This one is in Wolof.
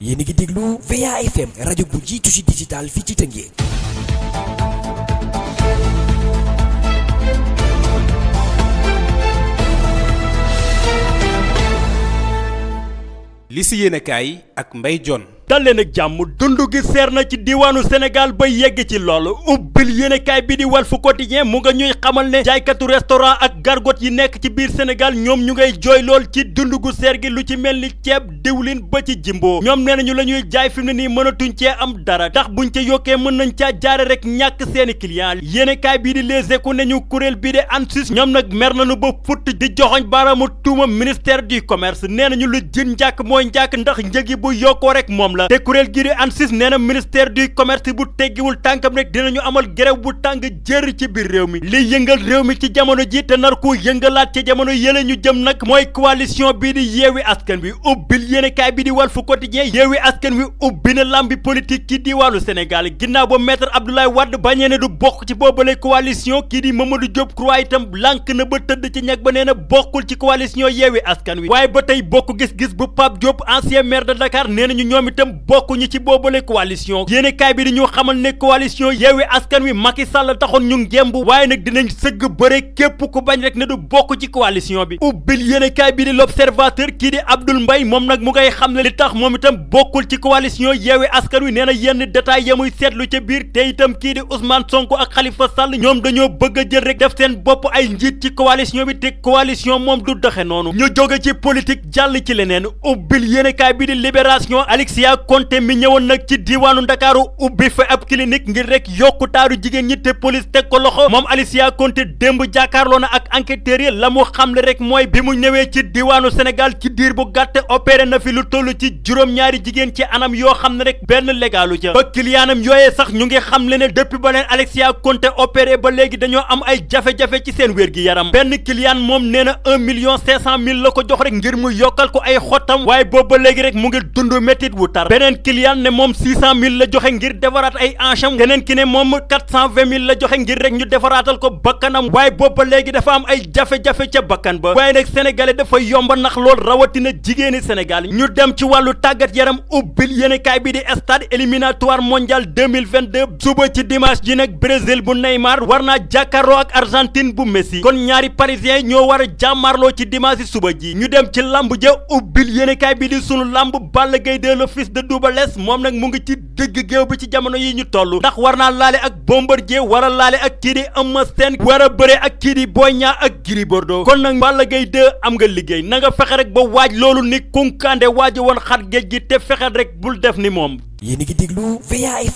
yéen a ngi déglu VA FM rajo bu jiitu fii ci Tëngéej. li si yéene kaay ak Mbaye John. dalleen ak jàmm dund gi seer na ci diwaanu Sénégal ba yegg ci loolu ubbil yéenekaay bi di fu Walf Quotidien mu nga ñuy xamal ne jaaykatu restaurant ak gargote yi nekk ci biir Sénégal ñoom ñu ngay jooy lool ci dund gu seer gi lu ci mel ni ceeb diwlin ba ci jimbo ñoom nee nañu la ñuy jaay fi mu ne nii mënatuñ cee am dara ndax buñ ca yokkee mën nañ caa jaare rek ñàkk seeni client yéenekaay bii di Les Échos ne ñu kuréel bi di ANSUS ñoom nag mer nañu ba futt di joxoñ baaraamu tuuma ministère du commerce nee nañu lu jën njàkk mooy njàkk ndax njëgi bu yokkoo rek moom moom la te kuréel gii di ANSYS nee na ministère du commerce bu teggiwul tànkam rek dinañu amal grève bu tàng jër ci biir réew mi li yëngal réew mi ci jamono ji te nar ko yëngalaat ci jamono yële ñu jëm nag mooy coalition bii di yeewi askan wi ubbil yéenekaay bi di Walf Quotidien yeewi askan wi ubbi na làmbi politique ci diwaanu Sénégal ginnaaw ba maître Abdoulaye Wade bañee ne du bokk ci boobale coalition kii di Mamadou Diop Croix itam lànk na ba tëdd ci ñag ba nee na bokkul ci coalition yeewi askan wi waaye ba tey bokk gis-gis bu Pape Diop ancien maire de Dakar nee nañu ñoom itam bokkuñu ci boobale coalition yéenekaay bi di ñu xamal ne coalition Yewwi Askan Wi Macky Sall taxoon ñu ngemb waaye nag dinañ sëgg bëre képp ku bañ rek ne du bokk ci coalition bi ubbil yéenekaay bi di l'observateur kii di Abdoul Mbaye moom nag mu ngay xam ne li tax moom itam bokkul ci coalition Yewwi Askan Wi nee na yenn détails ya muy seetlu ca biir te itam kii di Ousmane Sonko ak Khalifa Sall ñoom dañoo bëgg a jël rek def seen bopp ay njiit ci coalition bi te coalition moom du doxe noonu ñu jóge ci politique ci leneen ubbil yéenekaay bi di libération Alexia Moussa Konté mi ñëwoon nag ci diiwaanu Ndakaaru ubbi fa ab clinique ngir rek yokku jigéen ñi te teg ko loxo moom Alicia Konté démb jàkkaarloo na ak enquêteurs yi la mu xamle rek mooy bi mu ñëwee ci diiwaanu Sénégal ci diir bu gàtt opéré na fi lu toll ci juróom-ñaari jigéen ci anam yoo xam ne benn légalu ca ba kiliyaanam yooyee sax ñu ngi xamle ne depuis ba leen Alicia Konté opéré ba léegi dañoo am ay jafe-jafe ci seen wér gi yaram benn kiliyaan moom nee na un million cinq cent mille la ko jox rek ngir mu yokkal ko ay xottam waaye boobu ba léegi rek mu ngi dund métit wu tar dollars beneen client ne moom 600000 la joxe ngir defaraat ay encham keneen ki ne moom 420000 la joxe ngir rek ñu defaraatal ko bakkanam waaye booba léegi dafa am ay jafe-jafe ca bakkan ba waaye nag sénégalais dafa yomba nax lool rawatina jigéeni Sénégal ñu dem ci wàllu tàggat yaram ubbil yenekaay bi di stade éliminatoire mondial 2022 suba ci dimanche ji nag Brésil bu Neymar war naa jàkkaarloo ak Argentine bu Messi kon ñaari parisien ñoo war a jàmmarloo ci dimanche suba ji ñu dem ci lamb ja ubbil yéenekaay bi di sunu lamb Balla Gaye de de Double lees moom nag mu ngi ci dëgg géew bi ci jamono yi ñu toll ndax war naa laale ak Bombardier war wara laale ak kii di Eumeu Sène war a bëre ak kii booy ñaa ak Gris Bordeaux kon nag Balla Gaye 2 am nga liggéey na fexe rek ba waaj loolu ni kunkande waaji woon xar géej gi te fexe rek bul def ni moom yéen a ngi déglu